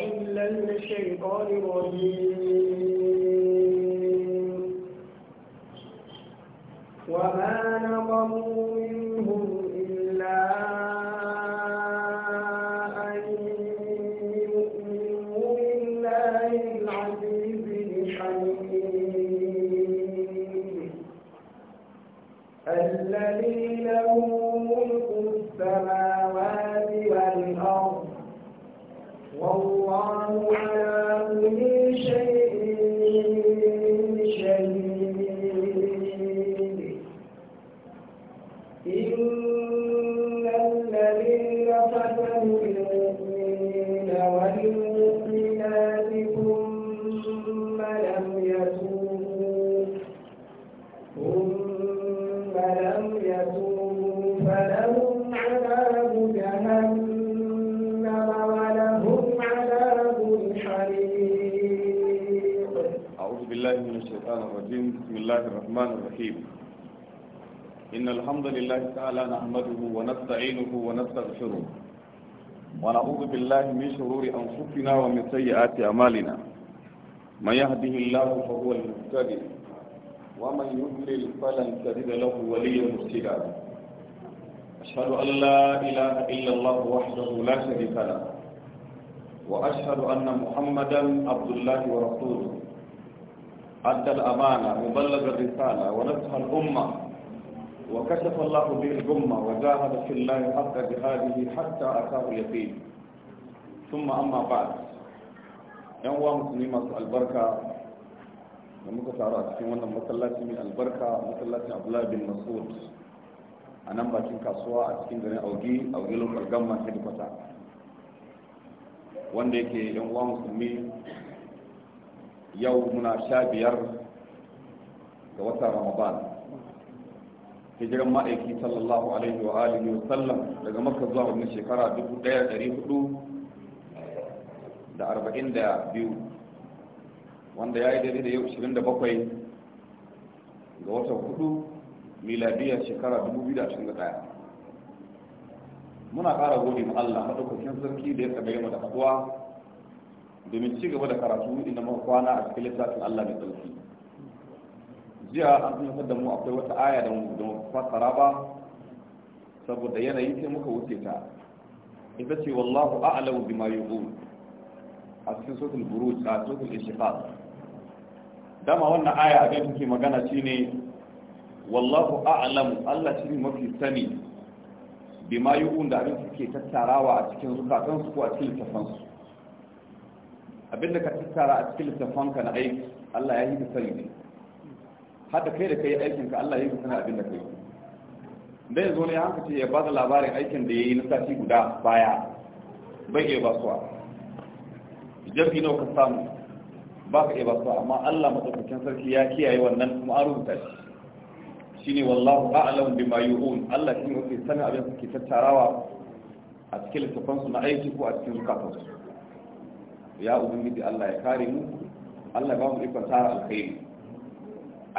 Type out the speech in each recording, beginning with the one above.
بالله الشيطان الرجيم نعوذ بالله من شرور أنفسنا ومن سيئات أعمالنا من يهده الله فهو المهتدي ومن يضلل فلن تجد له وليا مرشدا أشهد أن لا إله إلا الله وحده لا شريك له وأشهد أن محمدا عبد الله ورسوله أدى الأمانة وبلغ الرسالة ونصح الأمة وكشف الله به الأمة وجاهد في الله حق جهاده حتى أتاه اليقين ثم أما بعد ينوى مسلمين مسؤول البركة da muka taru a cikin wannan masallaci mai albarka masallacin abdullahi bin masud a nan bakin kasuwa a cikin garin augi augi local government headquarter wanda yake yan uwa musulmi yau muna sha biyar ga wata ramadan hijiran ma'aiki sallallahu alaihi wa alihi wa sallam daga makka zuwa wani shekara dubu ɗaya ɗari hudu da arba'in da biyu wanda ya yi daidai da yau ashirin da bakwai ga watan hudu miladiyar shekara dubu biyu da ashirin da ɗaya muna ƙara gode ma Allah maɗaukakin sarki da ya tsaye mu da haɗuwa domin ci gaba da karatu inda muka kwana a cikin littafin Allah mai tsarki jiya an tunatar da mu akwai wata aya da mu da fassara ba saboda yanayi sai muka wuce ta ita ce wallahu a'lamu bima yuqul a cikin sotul buruj a sotul ishiqaq dama wannan aya a da ke magana shine wallahu a'lam Allah shine mafi sani bima yu'un da abin suke tattarawa a cikin zukatan su ko a cikin littafansu. su abinda ka tattara a cikin littafan ka na aiki Allah ya yi ka sani ne hada kai da kai aikin ka Allah ya yi ka sani abin da kai dai zo ne hanka ce ya ba da labarin aikin da ya yi na sati guda baya bai iya basuwa jam'i nawa ka samu ba ka iya ba su amma Allah madaukakin sarki ya kiyaye wannan kuma an rubuta shi shine wallahu a'lam bima yu'un Allah shi yake sanin abin da ke tattarawa a cikin littafan su na aiki ko a cikin zukatan su ya ubangiji Allah ya kare mu Allah ba mu ikon tara alkhairi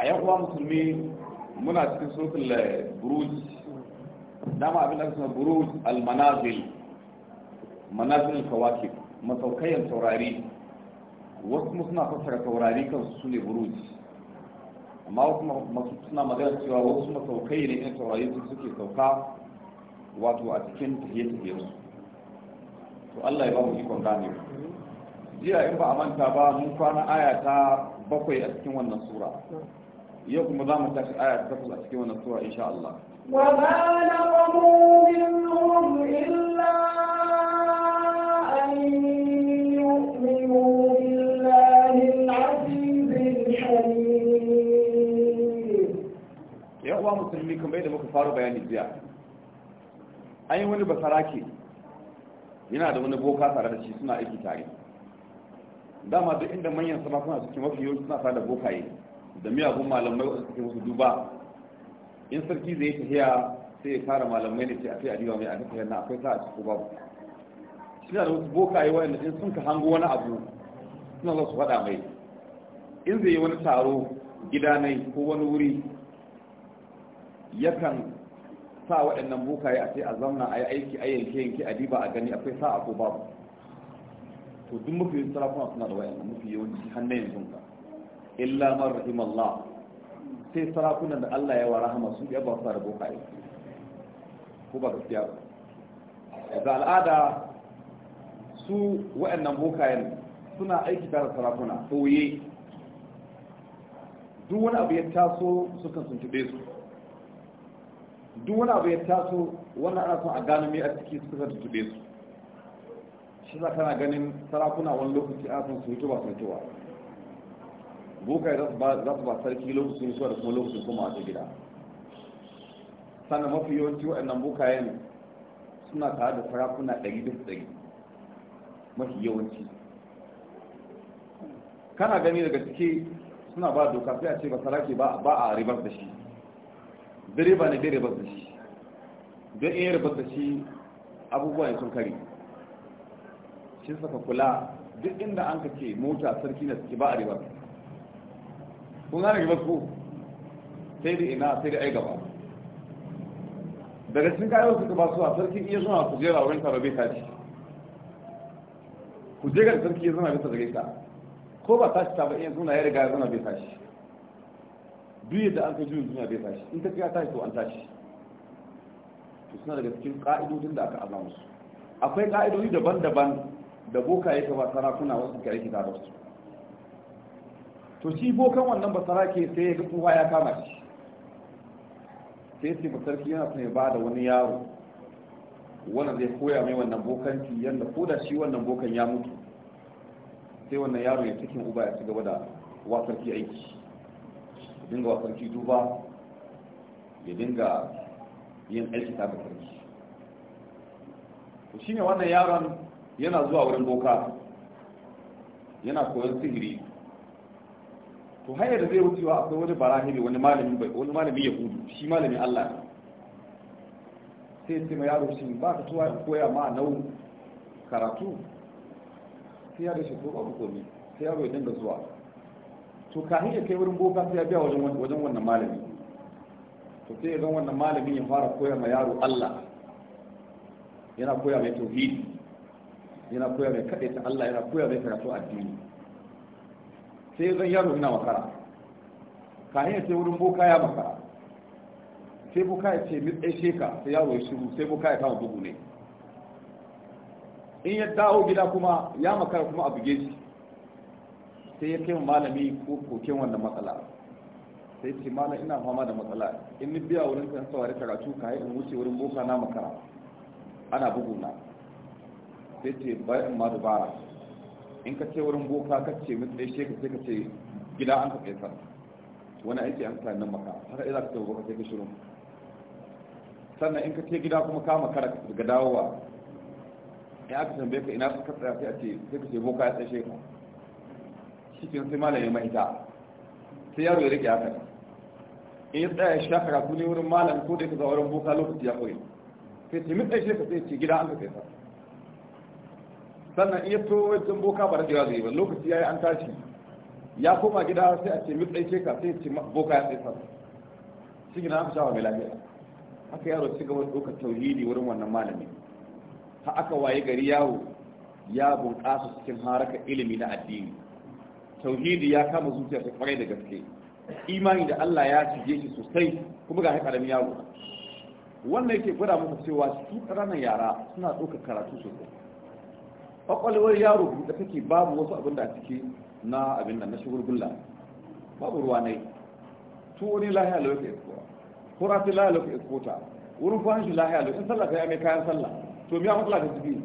a yan uwa musulmi muna cikin suratul buruj dama abin da suna buruj al manazil manazil kawakib masaukayan taurari wasu kuma suna fassara taurari kansu su ne buruji amma wasu suna magana cewa wasu masaukai ne yan taurari su suke sauka wato a cikin tafiye tafiye su to Allah ya ba mu ikon gane jiya in ba a manta ba mun kwana aya ta bakwai a cikin wannan sura yau kuma za mu tashi aya ta takwas a cikin wannan sura insha Allah وما نقموا منهم إلا musulmi kamar yadda muka faru bayani jiya an yi wani basarake yana da wani boka tare da shi suna aiki tare dama duk inda manyan sama suna suke mafi yau suna tare da bokaye da miyagun malamai wasu suke wasu duba in sarki zai yi tafiya sai ya fara malamai ne ce a sai a diwa mai a tafiya na akwai ta a cikin babu suna da wasu bokaye wayanda in sun ka hango wani abu suna za su faɗa mai in zai yi wani taro gidanai ko wani wuri yakan sa waɗannan bukaye a ce a zamna a yi aiki a yanke yanke a diba a gani akwai sa'a ko babu to duk mafi yin sarakuna suna da wayan mafi yawanci hannun yanzu ka illa man rahimallah sai sarakunan da Allah ya wa rahama su ya ba su da bukaye ko ba gaskiya ba da al'ada su waɗannan bukayen suna aiki tare da sarakuna soye duk wani abu ya taso sukan sun tuɓe su duk wani abu ya taso wannan ana son a gano mai a ciki suka tutube su shi za kana ganin sarakuna wani lokaci a son su hito ba su hito ba bukai za su ba sarki lokacin hito da kuma lokacin kuma a gida sannan mafi yawanci waɗannan bukayen suna tare da sarakuna ɗari da ɗari mafi yawanci kana gani daga ciki suna ba doka sai a ce ba sarake ba a ribar da shi direba ne direba da shi don iya yarba da shi abubuwa ya sun kari shi saka kula duk inda an ka ce mota sarki na suke ba a riba kun gane riba ko sai da ina sai da ai gaba daga cikin kayan suka ba su a sarki iya zuwa ku jera wurin ta bai tashi ku jera sarki ya zama bisa da ta ko ba tashi ta ba iya zuna ya riga ya zama bai tashi duk yadda an ka juyin duniya bai tashi in ta kai tashi to an tashi to suna daga cikin ka'idodin da aka aza musu akwai ka'idodi daban-daban da boka ya kama sarakuna wasu kare ki da su to shi bokan wannan basara ke sai ya ga kowa ya kama shi sai ba sarki yana son ya ba da wani yaro wanda zai koya mai wannan bokanci yadda ko da shi wannan bokan ya mutu sai wannan yaro ya cikin uba ya ci gaba da wasarki aiki dinga wa sarki duba ya dinga yin aiki ta ga sarki shi ne wannan yaron yana zuwa wurin boka yana koyon sihiri to hanyar da zai wucewa akwai wani barahiri wani malami wani ya gudu shi malamin Allah sai sai ma yaro shi ba ka tuwa koya ma nau karatu sai ya shi ko a komai sai yaro ya dinga zuwa to ka ya kai wurin boka sai ya biya wajen wannan malami to sai ya zan wannan malami ya fara koya ma yaro Allah yana koya mai tauhidi yana koya mai kaɗaita Allah yana koya mai karatu addini sai ya zan yaro yana makara ka ya kai wurin boka ya makara sai boka ya ce mitsai sheka sai yaro ya shiru sai boka ya kama bugu ne in ya dawo gida kuma ya makara kuma a buge shi sai ya kai malami ko koken wannan matsala sai ce malam ina fama da matsala in ni biya wurin kan sawari karatu ka in wuce wurin boka na makara ana buguna sai ce bayan in ma dubara in ka ce wurin boka ka ce mutu tsaye sheka sai ka ce gida an ka tsaye wani aiki an sa nan maka haka idan ka ce boka sai ka shirin sannan in ka ce gida kuma ka makara daga dawowa ya aka tambaye ka ina ka tsaya sai a ce sai ka ce boka ya tsaye sheka cikin sai malami ya ita sai yaro ya rike haka in ya tsaya shi karatu ne wurin malam ko da ya zaura wurin boka lokaci ya koyi sai ce min ɗaishe ka sai ce gida an ka kai sa sannan in ya to wajen boka ba da jira zai ba lokaci ya yi an tashi ya koma gida sai a ce min ɗaishe ka sai ce boka ya sai sa shi gina an fi shawa mai lafiya haka yaro ci gaba da tauhidi wurin wannan malami ha aka waye gari yawo ya bunƙasa cikin haraka ilimi na addini tauhidi ya kama zuciya ta kwarai da gaske imani da Allah ya cije shi sosai kuma ga karamin yaro wannan yake gwada muku cewa su ranar yara suna ɗaukar karatu sosai kwakwalwar yaro da take babu wasu abin da a ciki na abin da na shugurgulla babu ruwa ne tun wani lahiya lokacin ka isko kura ta lahiya lokacin ka ta wurin kwanan shi lahiya lokacin in sallah ta ya mai kayan sallah to miya matsala ta ciki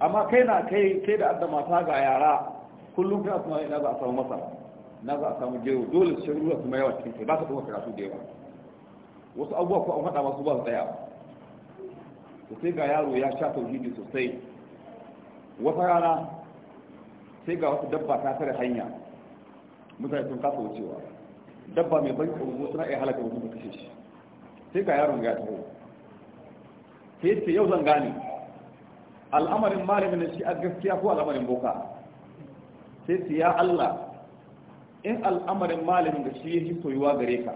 amma kai na kai kai da adda mata ga yara kullum kana kuma ina za a samu masa na za a samu gero dole ruwa kuma yawa cikin kai ba ka kuma karatu da yawa wasu abubuwa ko an haɗa masu ba su tsaya to sai ga yaro ya sha tauhidi sosai wata rana sai ga wata dabba ta tare hanya mutane sun kasa wucewa dabba mai ban tsoro suna iya halaka mutum kashe shi sai ga yaron ya taho sai ce yau zan gane al'amarin malamin shi a gaskiya ko al'amarin boka sai su ya Allah in al'amarin malamin da shi ya yake soyuwa gare ka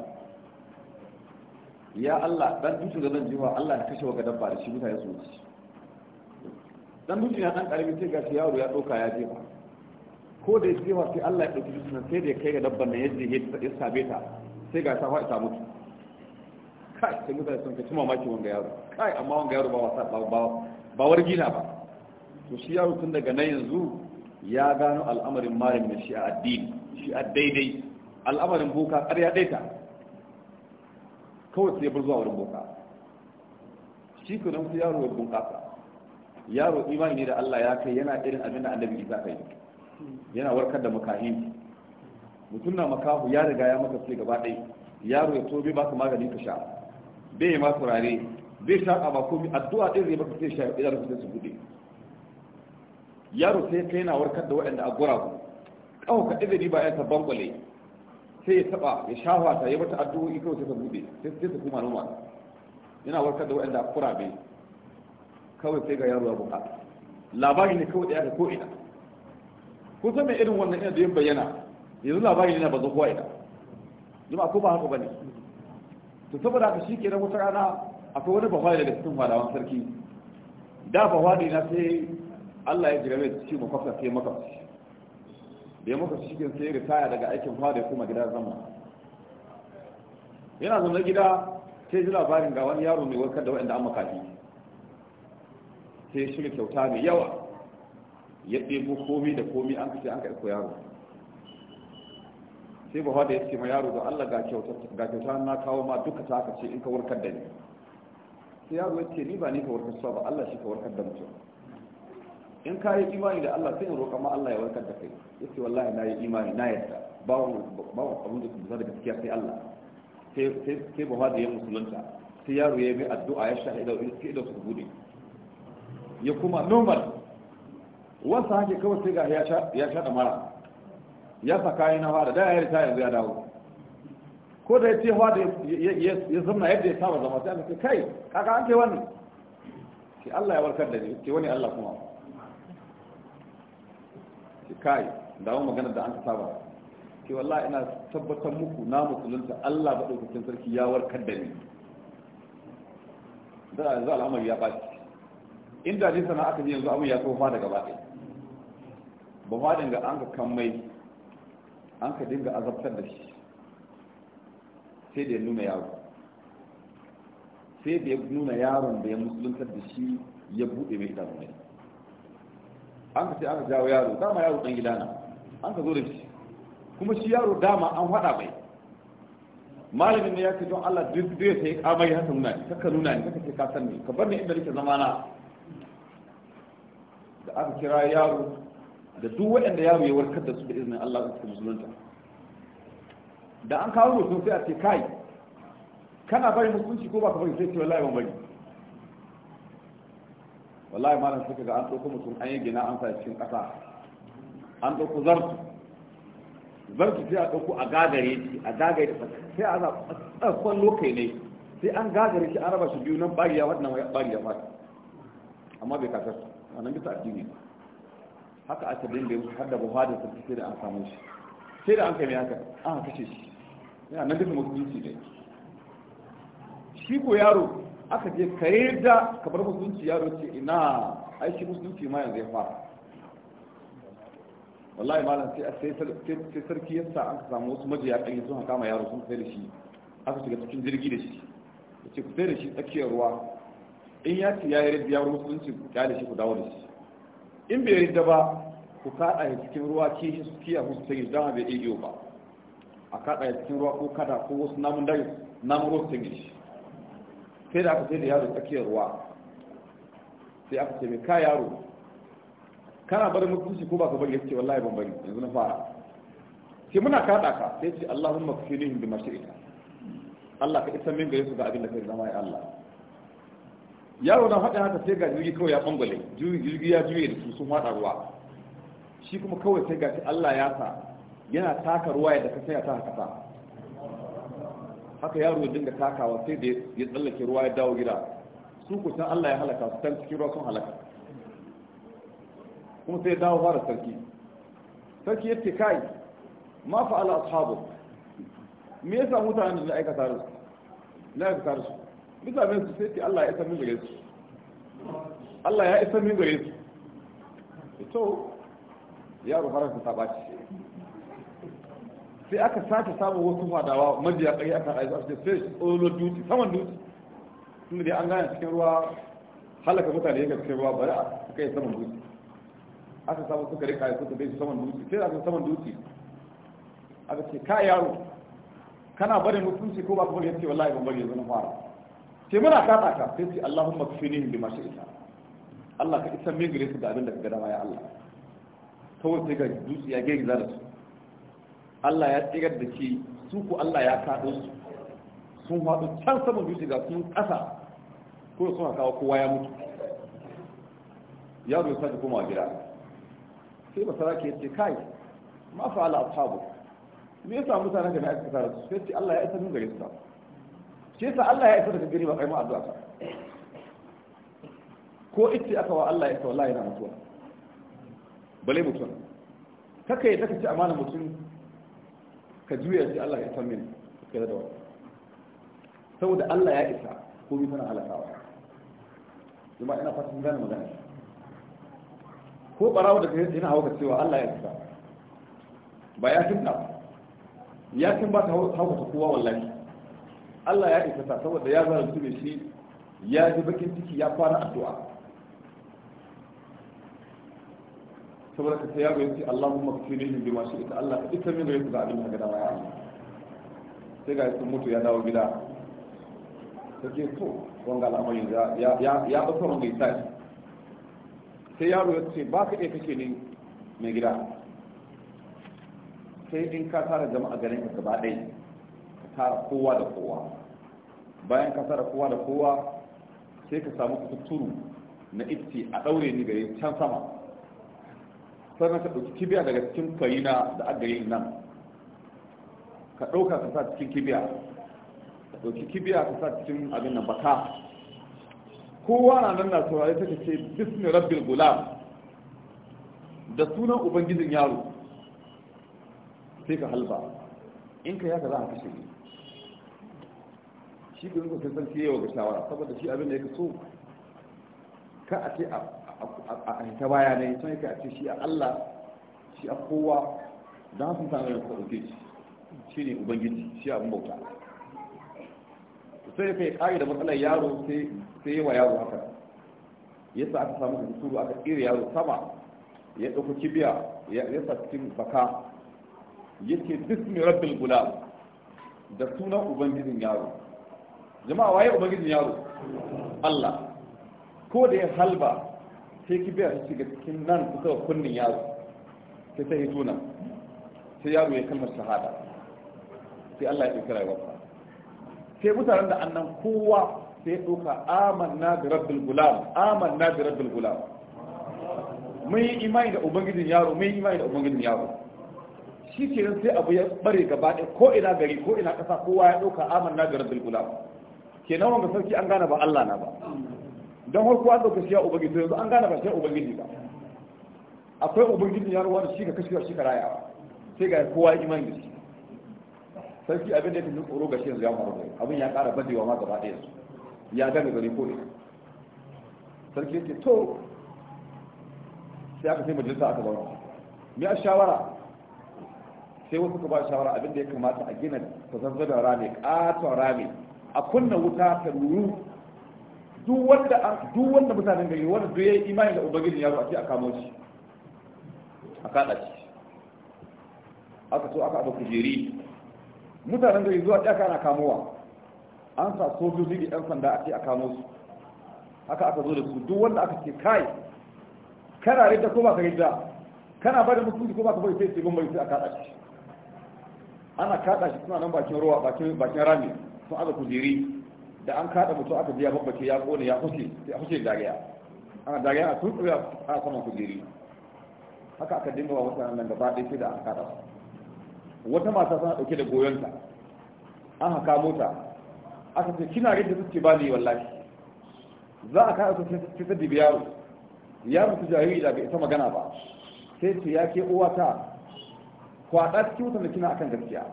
ya Allah dan dutse da zan jiwa Allah ya kashe wa dabba da shi mutane su ci, dan dutse na dan karami sai gashi yaro ya doka ya jefa ko da ya jefa sai Allah ya dauki dutsen sai da kai ga dabban nan yadda ya sabe ta sai ga safa ta mutu kai sai mutane sun kaci mamaki wanga yaro kai amma wanga yaro ba wasa ba ba wargina ba to shi yaro tun daga nan yanzu ya gano al'amarin marin da shi a addini shi a daidai al'amarin boka ya daita kawai sai bar zuwa wurin boka shi ku don yaro ya bunƙasa yaro imani ne da Allah ya kai yana irin abin da annabi Isa kai yana warkar da makahin mutum na makahu ya riga ya maka sai gaba ɗaya yaro ya tobe baka magani ka sha bai ma turare bai sha ba komai addu'a ɗin zai baka sai sha idan ka sai su buɗe yaro sai kai na warkar da waɗanda a guragu kawo ka ɗaga ba ya sabon sai ya taɓa ya shafa ta ya mata addu'o'i kawai sai ta buɗe sai ta kuma noma yana warkar da waɗanda a bai kawai sai ga yaro ya buka labari ne kawai ɗaya ko ina ko san mai irin wannan ina da yin bayyana yanzu labari ne na ba kowa ina jima ko ba haka ba ne to saboda haka shi na wata rana akwai wani bahwari daga cikin fadawan sarki da bahwari na sai Allah ya jira mai da ciwo makwabta sai makwabci da ya makwabci cikin sai ritaya daga aikin fada ya kuma gida zama yana zama gida sai ji labarin ga wani yaro mai warkar da wa'anda an makafi sai ya shirya kyauta mai yawa ya ɗebo komi da komi an kashe an ka yaro sai ba da ya ce ma yaro da Allah ga kyauta na kawo ma duka ta aka ce in ka warkar da ni sai yaro ya ce ni ba ni ka warkar ba Allah shi ka warkar da mutum in ka yi imani da Allah sai in roƙa ma Allah ya warkar da kai yace wallahi na yi imani na yadda ba bawon abin da kuma da gaskiya sai Allah sai sai ba da ya musulunta sai yaro ya mai addu'a ya da in sai da su gude ya kuma normal wasa hake kawai sai ga ya sha ya sha da mara ya saka yi na fara da ya rita yanzu ya dawo ko da ya ce da ya zamna yadda ya saba zama sai aka ce kai kaka an ce wani sai Allah ya warkar da ni ce wani Allah kuma ce kai dawo magana da an ka saba ke wallahi ina tabbatar muku na musulunta Allah ba daukakin sarki ya warkar da ni da yanzu al'amari ya baci inda ne sana aka ji yanzu abin ya tsofa daga baɗi ba faɗin ga an ka kan mai an ka dinga azabtar da shi sai da ya nuna yaro sai da ya nuna yaron da ya musuluntar da shi ya buɗe mai idanu mai an ka ce aka jawo yaro dama yaro dan gidana an ka zo da shi kuma shi yaro dama an faɗa bai malamin ne ya ce don Allah duk zai sai kamai haka nuna ni kaka nuna ni kaka ce ka san ni ka bar ni inda nake zama na da aka kira yaro da duk waɗanda yaro ya warkar da su da izinin Allah su musulunta da an kawo su sai a ce kai kana bari musulunci ko ba ka bari sai ce wallahi ban bari wallahi malam suka ga an ɗauko mutum an yi gina an sa cikin ƙasa an ɗauko zartu zartu sai a ɗauko a gagare shi a gagare sai a za a tsakon kai ne sai an gagare shi an raba shi biyu nan bariya wannan bariya fata amma bai kasar wannan bisa addini haka haka aka da yi har da buhari da sai da an samu shi sai da an kai mai haka an kashe shi yana nan duka mutunci ne shi ko yaro aka je ka yi da kamar musulunci ya roce ina aiki musulunci ma yanzu ya fara wallahi malam sai sai sarki ya sa ka samu wasu majiya kan sun haka ma yaro sun sai da shi aka shiga cikin jirgi da shi da ce ku sai da shi tsakiyar ruwa in ya ce ya yarda yaro musulunci ku kyale shi ku dawo da shi in bai yarda ba ku kada ya cikin ruwa ke shi su kiya musu sai da bai iya ba a kada ya cikin ruwa ko kada ko wasu namun dai namun ruwa su shi sai da aka sai da yaro tsakiyar ruwa sai aka ce mai ka yaro kana bari mutunci ko ba ka bari yace wallahi ban bari yanzu na fara sai muna kada ka sai ce Allahumma kfinihim bima ita Allah ka isa min gare su ga abin da kai zama ya Allah yaro na faɗa haka sai ga jirgi kawai ya bangale jirgi ya juye da su sun faɗa ruwa shi kuma kawai sai ga Allah ya sa yana taka ruwa yadda ka sai ya taka kasa haka yaro ya dinga takawa sai da ya tsallake ruwa ya dawo gida su ku san Allah ya halaka su san cikin ruwa sun halaka kuma sai ya dawo fara sarki sarki ya ce kai ma ala ashabu me yasa mutanen da aika tare su na aika tare su bisa men su sai ce Allah ya isa min gare su Allah ya isa min gare su to yaro fara ta baci sai aka sace samun wasu fadawa majiya kai aka aizu a cikin sai olo duti saman duti tun da an gane cikin ruwa halaka mutane yake cikin ruwa bari a kai saman duti aka samu suka rika ya suka bai saman duti sai aka saman duti aka ce ka yaro kana barin mutunci ko ba ka bari yace wallahi ban bari yanzu na fara sai muna kata ka sai ce Allahumma kfini bi ma shi'ta Allah ka isa min gare su da abin da ka ga dama ya Allah kawai sai ga duti ya gaiza da su Allah ya tsirar da ke su ku Allah ya kaɗo su sun haɗu can saman dutse ga sun ƙasa ko sun kawo kowa ya mutu yaro ya sake koma gida sai masara ke ce kai ma fa'ala ashabu me yasa mutanen da na aika tsara su sai ce Allah ya isa mun gare su sai sa Allah ya isa daga gari ba kai ma addu'a ko ice aka wa Allah ya isa wallahi yana mutuwa bale mutuwa kaka ya taka ci amana mutum ka juya shi Allah ya san mini kira da wani saboda Allah ya isa ko bi tana halakawa kuma ina fatan gane magana ko barawa da kai yana hauka cewa Allah ya isa ba ya kinta ya kin ba ta hauka ta kowa wallahi Allah ya isa saboda ya zara su shi ya ji bakin ciki ya fara addu'a saboda ka sai yaro yace Allahumma kfirihim bima shi'ta Allah ita min gare su ga abin da ga dama ya Allah sai ga sun mutu ya dawo gida sai to wanga mai ya ya ya dauka wanga yasa sai yaro ya ce ba ka iya kake ni mai gida sai in ka tara jama'a garin ka gaba ɗaya ka tara kowa da kowa bayan ka tara kowa da kowa sai ka samu kuturu na ifti a ɗaure ni gare can sama sannan ka ɗauki kibiya daga cikin kwarina da aka yi nan ka ɗauka ka sa cikin kibiya ka ɗauki kibiya ka sa cikin abin nan baka kowa na nan na saurari ta ce bismi rabbil gulam da sunan ubangijin yaro sai ka halba in ka yaka za a kashe ne shi ga zuwa sai sarki yawa ga shawara saboda shi abin da ya ka so ka a ce a a hita baya ne sun yake a ce shi a Allah shi a kowa za su sami da ɗauke shi shi ne ubangiji shi abin bauta sai kai kare da matsalar yaro sai yi wa yaro haka Ya sa aka samu huturu aka tsere yaro sama ya ɗauko kibiya ya sa cikin baka Ya yake bismi rabin gulam da sunan ubangijin yaro jama'a waye ubangijin yaro Allah ko da ya halba sai ki biya ga cikin nan kusa da kunnin yaro sai ta hito nan sai yaro ya kalmar shahada sai Allah ya ɗauki rayuwarsa sai mutanen da annan kowa sai ya ɗauka amanna bi rabbil gulam amanna bi rabbil gulam mun yi imani da ubangijin yaro mun yi imani da ubangijin yaro shi ke nan sai abu ya bare gaba ɗaya ko ina gari ko ina ƙasa kowa ya ɗauka amanna bi rabbil gulam kenan wanga sarki an gane ba Allah na ba don harko an ɗauka siya ubangiji to yanzu an gane ba sai ubangiji ba akwai ubangiji ya ruwa da shi ka kashewa shi ka rayawa sai ga kowa imani da shi sarki abin da ya tafi tsoro ga shi yanzu ya faru da abin ya ƙara badewa ma gaba ɗaya su ya gane gari ko ne. sarki ya ce to sai aka sai majalisa aka zauna me a shawara sai wasu ka ba shawara abin da ya kamata a gina ta zanzana rami ƙaton rami a kunna wuta ta ruru duk wanda duk wanda mutanen gari wanda duk yayi imani da ubangiji ya zo a ce a kamo shi a kada shi aka so aka abu kujeri mutanen gari zuwa ɗaya kana kamowa an sa sojoji da ɗan sanda a ce a kamo su haka aka zo da su duk wanda aka ce kai kana ridda ko ba ka ridda kana bada mutunci ko ba ka bari sai sai bari sai a kada shi ana kada shi suna nan bakin ruwa bakin bakin rami sun aza kujeri da an kada mutum aka biya babbace ya kone ya huce ya huce dariya ana dariya a sun tsira a saman kujeri haka aka dinga wa mutanen nan gaba ɗaya sai da aka kada wata mata sana ɗauke da goyonta an haka mota aka ce kina rage suke ba ni wallahi za a kada su sai ta dibi yaro yaro su jariri da bai ita magana ba sai ce ya ke uwa ta kwaɗa cikin wutan da kina akan gaskiya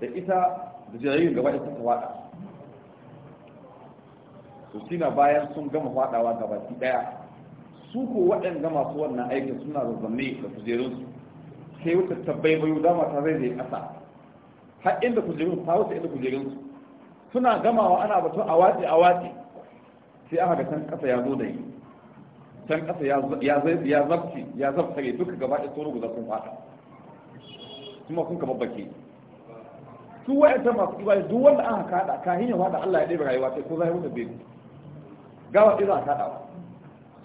da ita da jaririn gaba da sun kwaɗa su suna bayan sun gama fadawa gabaki daya su ko waɗanda masu wannan aikin suna zazzanne da kujerunsu sai wuta tabbai bayu dama ta zai zai ƙasa har inda kujerun ta wuce inda kujerunsu suna gamawa ana batu a watsi a watsi sai aka ga can ƙasa ya zo da yi can ƙasa ya zai ya zarce duka gaba ɗaya tsoro guda sun fada kuma kun ka babbake su wa'yanta masu ibada duk wanda aka kada kahin ya fada Allah ya ɗebe rayuwa sai ko zai wuta bai gawa ɗaya za a kaɗawa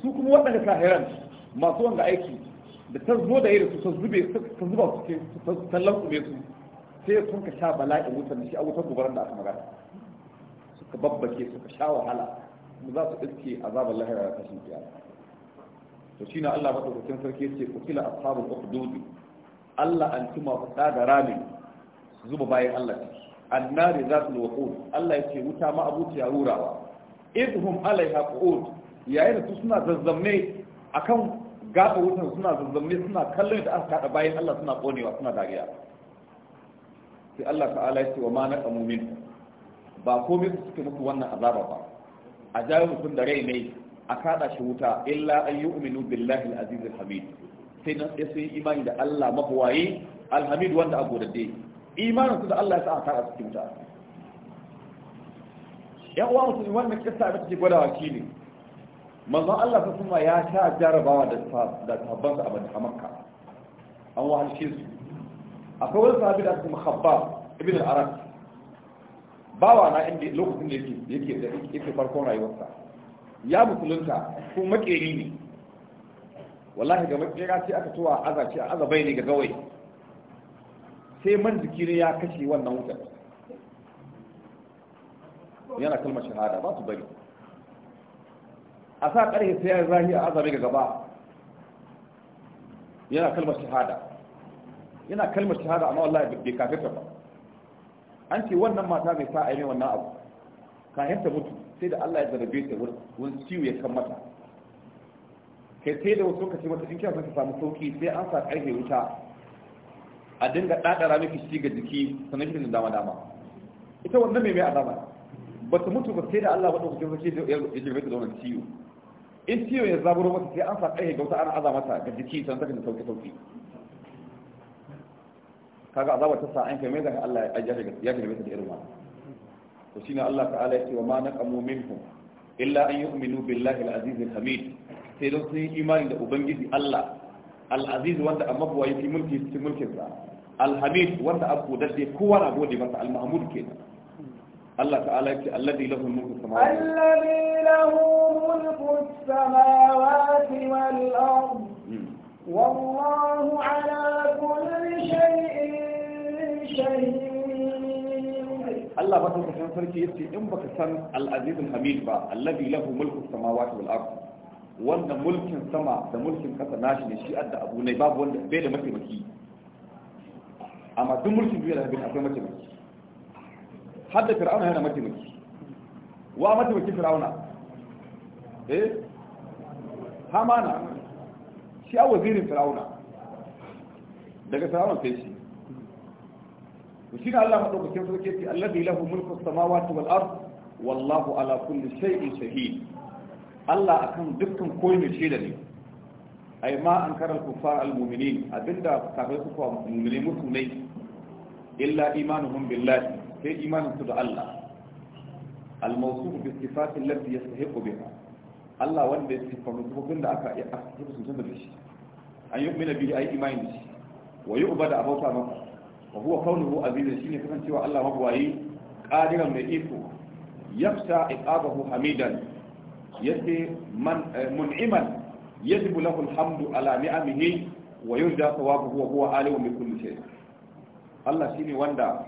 su kuma waɗanda kahiran masu wanda aiki da ta zo da yadda da su ta zube ta zuba su ke ta lankume su sai sun ka sha bala'in wutar da shi a wutar gobaran da aka magana suka babbake suka sha wahala kuma za su iske azabar lahira da kashin kiyama to shi na Allah madaukakin sarki yace kutila ashabul ukhdud Allah an tuma ku da ramin zuba bayan Allah annari zatul waqud Allah yace wuta ma abuciya rurawa idhum alaiha qu'ud yayin da su suna zazzamne akan gaba wutan suna zazzamne suna kallon da aka kada bayan Allah suna konewa suna dariya sai Allah ta'ala ya ce wa ma naqamu min ba komai su suke muku wannan azaba ba a jawo mutum da rai ne a kada shi wuta illa an yu'minu billahi al-aziz al-hamid sai nan sai sun imani da Allah mabuwaye al-hamid wanda a godadde imanin su da Allah ya sa a kada su wuta yan uwa musulmi wannan kissa a take gwada shi ne manzon Allah ta kuma ya sha jarabawa da da tabban sa a Makka an wahalshe su akwai wani sahabi da kuma khabba ibn al-Arab bawa na inda lokacin da yake yake da yake farkon rayuwarsa ya musulunta ko makeri ne wallahi ga makera sai aka tuwa azaci a azabai ne ga gawai sai man jiki ya kashe wannan wutar yana kalmar shahada ba su bari a sa ƙarfe sai ya zahi a azabe ga gaba yana kalmar shahada yana kalmar shahada amma wallahi bai kafirta ba an ce wannan mata bai sa a yi wannan abu kayan ta mutu sai da Allah ya zarabe ta wurin ciwo ya kan mata kai sai da wasu kashe mata in kiyar ka samu sauki sai an sa ƙarfe wuta a dinga ɗaɗara miki shi ga jiki shi da dama dama ita wannan mai mai alama? ba su mutu ba sai da Allah wadda kuke da ya jirbe ta da ciwo in ciwo ya zaburo mata sai an sa ya gauta ana azamata, ga jiki san saka da sauƙi sauƙi kaga azabar ta sa kai mai da Allah ya jirbe ya jirbe ta da irin wannan to Allah ta'ala ya ce wa ma naqamu minhum illa an uminu billahi al-aziz hamid sai don sun yi imani da ubangiji Allah al'aziz wanda amma buwaye fi mulki cikin mulkinsa alhamid wanda abu dadde kowa na gode masa al-mahmud kenan الله تعالى الذي له ملك السماوات الذي له ملك السماوات والأرض والله على كل شيء شهيد Allah ba ta san sarki yace in baka san al-aziz al-hamid ba alladhi lahu mulku samawati wal ard wanda mulkin sama da mulkin kasa nashi ne shi adda abu ne babu wanda bai da mataimaki amma duk mulkin bai da bai akwai mataimaki har da fir'auna yana mataimaki wa mataimakin fir'auna eh hamana shi a wazirin fir'auna daga fir'auna sai shi to shi ne Allah madaukakin sarki yake alladhi lahu mulku samawati wal ard wallahu ala kulli shay'in shahid Allah akan dukkan koyi ne shi da ne ai ma an karar kufar al-mu'minin abinda kafir kufa mu'mini musu ne illa imanuhum billahi sai imanin su da Allah al-mawsuf bi sifati allati yastahiqu biha Allah wanda ya sifanta sifofin da aka yi aka sifanta da shi an yu'mina bihi ay imani da shi wa yu'bada abauta masa wa huwa qawluhu azizun shine kasancewa Allah mabwayi qadiran mai iko yafsa iqabahu hamidan yace man eh, mun'iman yajibu lahu alhamdu ala ni'amihi wa yurja thawabuhu wa huwa alimun bi kulli shay Allah shine wanda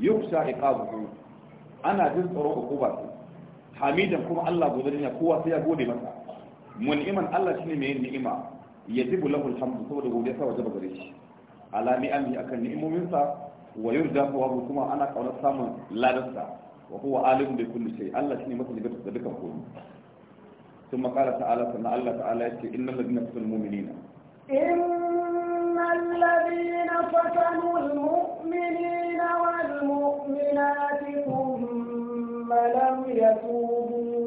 yuksha iqabuhu ana jin tsoron ukuba hamidan kuma Allah gode ne kowa sai ya gode masa mun'iman Allah shine mai ni'ima yajibu lahu alhamdu saboda godiya sa wajaba gare shi ala ni'ami akan ni'imomin sa wa yurda wa kuma ana kaunar samun ladarsa wa huwa alim bi kulli shay Allah shine masa daga da dukan komai ثم قال تعالى سنة الله تعالى إن الذين كفروا المؤمنين إن إن الذين فتنوا المؤمنين والمؤمنات ثم لم يتوبوا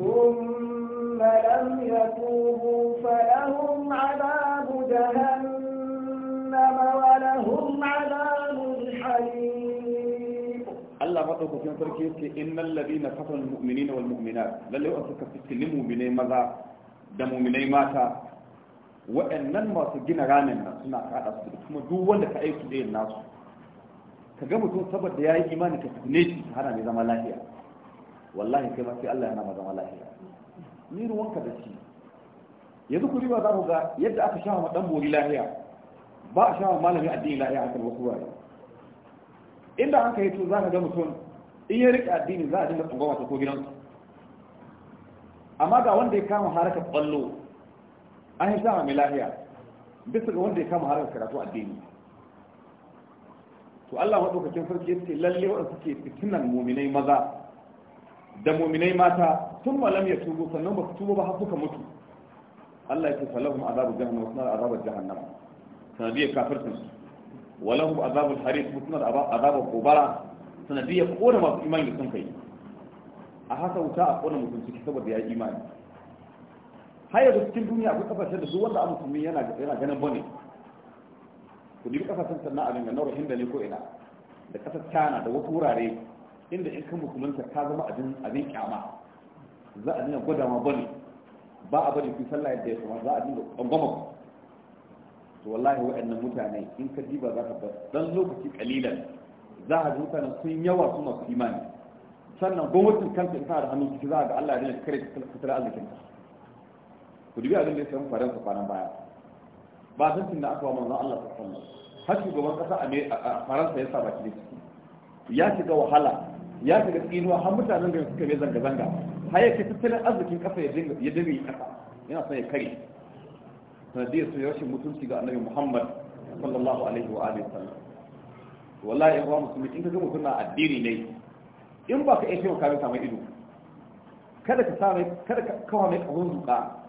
ثم لم يتوبوا فلهم عذاب جهنم ولهم عذاب الحريق الله فتوك في نترك إن الذين فتنوا المؤمنين والمؤمنات للي أسكت في المؤمنين ماذا دموا مني ماتا waɗannan masu gina ramin nan suna kaɗa su kuma duk wanda ka aiki ɗayan nasu ka ga mutum saboda ya yi imani ka tune shi ka hana mai zama lafiya wallahi kai ma sai Allah yana ma zama lafiya ni ruwanka da shi yanzu ku riba za ku ga yadda aka sha ma dan bori lafiya ba a sha ma malami addini lafiya a kan wasu wurare inda an kai to za ka ga mutum in ya riƙe addini za a dinga tsangwama ta ko gidansu amma ga wanda ya kama harakar ƙwallo an yi sama mai lahiya bisa ga wanda ya kama harar karatu addini to Allah maɗaukakin sarki ya ce lalle waɗanda suke fitinan muminai maza da muminai mata tun malam ya tubo sannan ba su tubo ba har suka mutu Allah ya ce falahum azabu jahannam wa sunar azabar jahannam sanadiyar kafirtin su walahum azabul haris wa sunar azabar gobara sanadiyar kona masu imani da sun kai a haka wuta a kona mutum ciki saboda ya yi imani har yanzu cikin duniya akwai kasashen da su wanda an musulmi yana ganin bane ku dubi kasashen sannan a da nauru hinda ne ko ina da kasar china da wasu wurare inda in kan musulunta ta zama abin abin kyama za a dinga gwada ma bane ba a bari ku sallah da ya kuma za a dinga tsangwama ku to wallahi waɗannan mutane in ka diba za ka bar. dan lokaci kalilan za a ji mutanen sun yawa su masu imani sannan gwamnatin kanta in tana da hannun ciki za a ga Allah ya dinga kare tattalin arzikin ta ku dubi abin da ya samu faransa kwanan baya ba zancin da aka wa manzon Allah ta sallar har shugaban kasa a faransa ya sa baki ki ciki ya shiga wahala ya shiga tsinuwa har mutanen gari suka mai zanga-zanga har ya tattalin arzikin kasa ya dinga kasa yana son ya kare sanadiyar su rashin mutunci ga annabi muhammad sallallahu alaihi wa alihi sallam wallahi ya kuwa musulmi in ka ga mutum na addini ne in ba ka iya taimaka mai samun ido kada ka sa kada ka kawo mai kawon zuƙa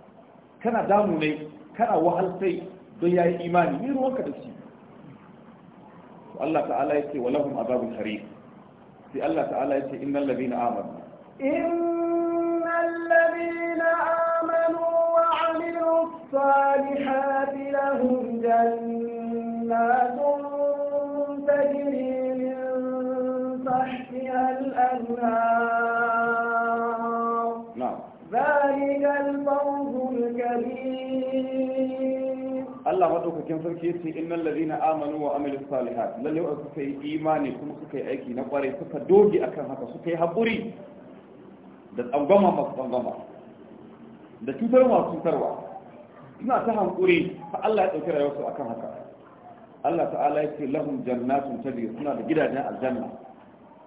kana damu ne kana wahaltai don yayi imani ni ruwanka da shi Allah ta'ala yace wa lahum azabun harim sai Allah ta'ala yace innal ladina amanu innal ladina amanu wa 'amilus salihati lahum jannatun tajri min tahtiha al-anhar Allah madaukakin sarki ya ce innal ladina amanu wa amilus salihat lalle wa suka yi imani kuma suka yi aiki na kwarai suka doge akan haka suka yi haƙuri da tsangwama masu tsangwama da cutar masu cutarwa ta hankuri fa Allah ya ɗauki rayuwarsu akan haka Allah ta'ala ya ce lahum jannatun tajri suna da gidajen aljanna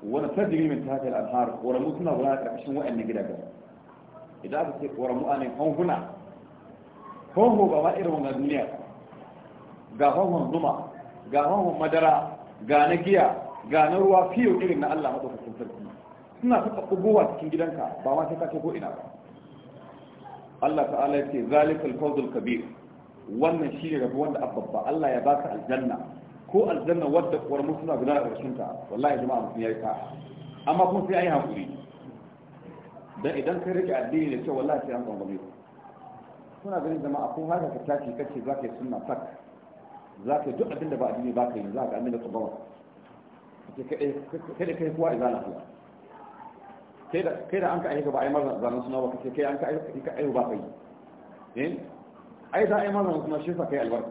wani tajri min tahta al-anhar suna gudana ƙarƙashin wa'annan gidajen idan aka ce ƙoramu hanhuna hanhu ba ma irin wannan duniya ga hahun zuma ga hahun madara ga na giya ga na ruwa fiye irin na Allah maɗaukakin sarki suna saka kugowa cikin gidanka ba ma sai ka ko ina ba Allah ta'ala ya ce zalikal fawzul kabir wannan shine rabo wanda abbabba Allah ya baka aljanna ko aljanna wadda kuwar musulma guda a ƙarshen ta wallahi jama'a mutum yayi ta amma kuma sai ayi hakuri dan idan kai rike addini da cewa wallahi sai an gwangwame kuna ganin jama'a ko haka ka tashi kace zaka yi sunna sak za ka yi duk abin da ba addini ba ka yi za ka annabi bawa kai da kai kuwa izana kuwa kai da an ka aika ba a yi mara zanen suna ba kake kai an ka aika ba ka yi eh? ai za a yi mara suna shi sa kai albarka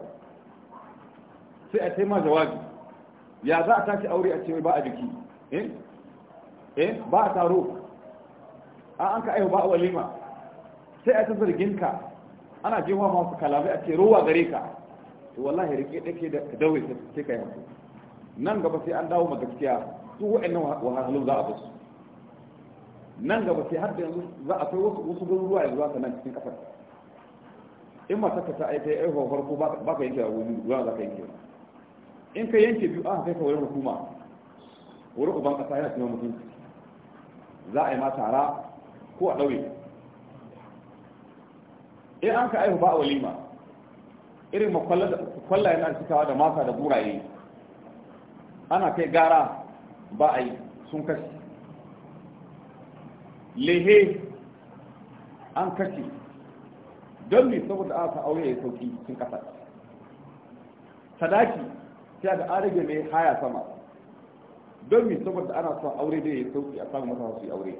sai a ce ma jawabi ya za a tashi aure a ce ba a jiki eh? eh? ba a taro an ka aika ba a walima sai a ta zargin ka ana jewa masu kalamai a ce rowa gare ka to wallahi rike dake da dawai daure sai kai yanku nan gaba sai an dawo ma gaskiya su wa'annan wahalhalu za a basu nan gaba sai har da yanzu za a kai wasu gurin ruwa yanzu haka nan cikin kafar in ma saka ta aita ai ko ba ka yanke wani ruwa za ka yanke in ka yanke biyu aka kai ka wurin hukuma wurin uban kasa yana cikin mutunci za a yi ma tara ko a ɗauye? in an ka aihu ba a walima irin makwallayen an cikawa da mata da buraye ana kai gara ba a yi sun kashe lehe an kashe don ne saboda aka aure ya sauki sun kasa sadaki sai da an mai haya sama don ne saboda ana son aure da ya sauki a samun masa su aure